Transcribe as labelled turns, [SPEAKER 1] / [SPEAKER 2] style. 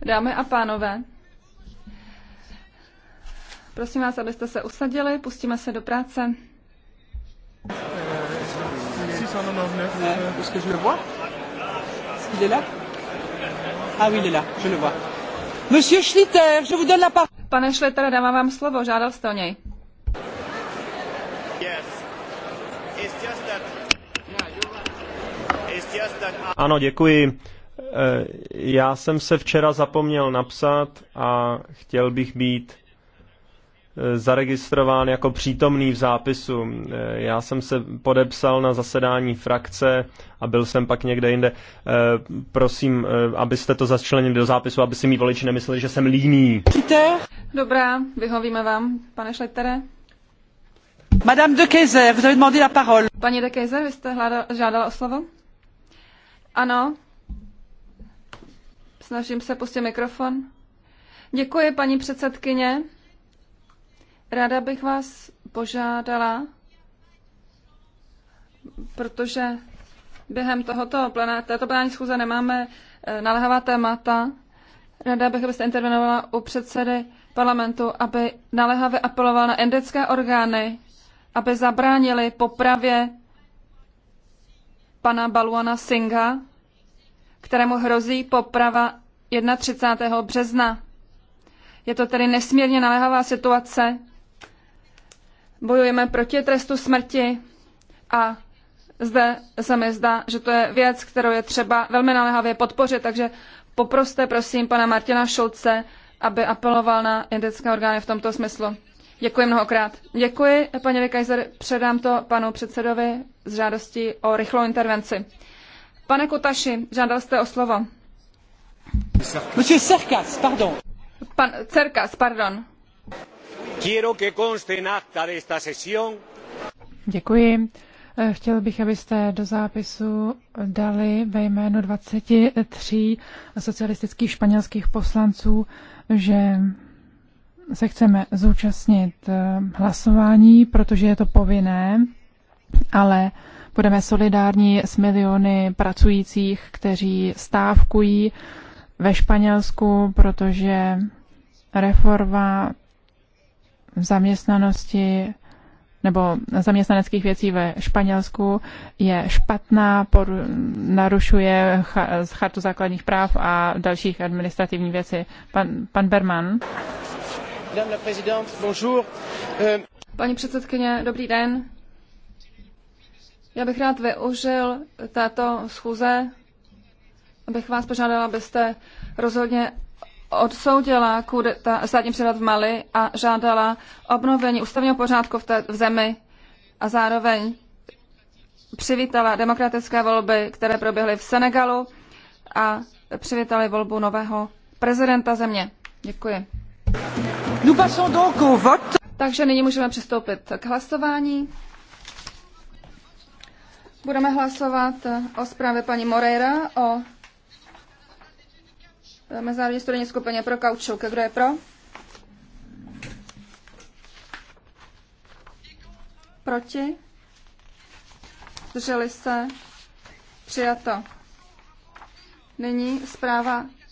[SPEAKER 1] Dámy a pánové, prosím vás, abyste se usadili, pustíme se do práce. Ah je Monsieur Pane Schlitter, dávám vám slovo, žádal jste o něj. Ano,
[SPEAKER 2] děkuji. Eh, já jsem se včera zapomněl napsat a chtěl bych být eh, zaregistrován jako přítomný v zápisu. Eh, já jsem se podepsal na zasedání frakce a byl jsem pak někde jinde. Prosím, abyste to začlenili do zápisu, aby si mý voliči nemysleli, že jsem líný.
[SPEAKER 1] Dobrá, vyhovíme vám, pane Šletere.
[SPEAKER 2] Madame de Kaiser, vous avez demandé la
[SPEAKER 1] parole. Paní de Kaiser, vy jste žádala o slovo? Ano, Snažím se pustit mikrofon. Děkuji, paní předsedkyně. Ráda bych vás požádala, protože během tohoto plená, této plenární schůze nemáme eh, naléhavá témata. Ráda bych, abyste intervenovala u předsedy parlamentu, aby naléhavě apeloval na indické orgány, aby zabránili popravě pana Baluana Singha, kterému hrozí poprava 31. března. Je to tedy nesmírně naléhavá situace. Bojujeme proti trestu smrti a zde se mi zdá, že to je věc, kterou je třeba velmi naléhavě podpořit, takže poproste prosím pana Martina Šulce, aby apeloval na indické orgány v tomto smyslu. Děkuji mnohokrát. Děkuji, paní Kaiser. Předám to panu předsedovi s žádostí o rychlou intervenci. Pane Kutaši, žádal jste o slovo. Monsieur Cercas, pardon. Pan Cercas, pardon. Quiero que conste en acta de esta sesión.
[SPEAKER 2] Děkuji. Eh, chtěl bych, abyste do zápisu dali ve jménu 23 socialistických španělských poslanců, že se chceme zúčastnit eh, hlasování, protože je to povinné, ale Budeme solidární s miliony pracujících, kteří stávkují ve Španělsku, protože reforma zaměstnanosti nebo zaměstnaneckých věcí ve Španělsku je špatná, por, narušuje cha, chartu základních práv a dalších administrativních věcí. Pan, pan Berman.
[SPEAKER 1] Euh, Paní předsedkyně, dobrý den. Já bych rád využil této schůze, abych vás požádala, abyste rozhodně odsoudila kudeta, státní předat v Mali a žádala obnovení ústavního pořádku v, té, v zemi a zároveň přivítala demokratické volby, které proběhly v Senegalu a přivítali volbu nového prezidenta země. Děkuji. Takže nyní můžeme přistoupit k hlasování. Budeme hlasovat eh, o zprávě paní Moreira o eh, Mezinárodní studijní skupině pro kaučuk. Kdo je pro? Proti? Zdrželi se? Přijato. Nyní zpráva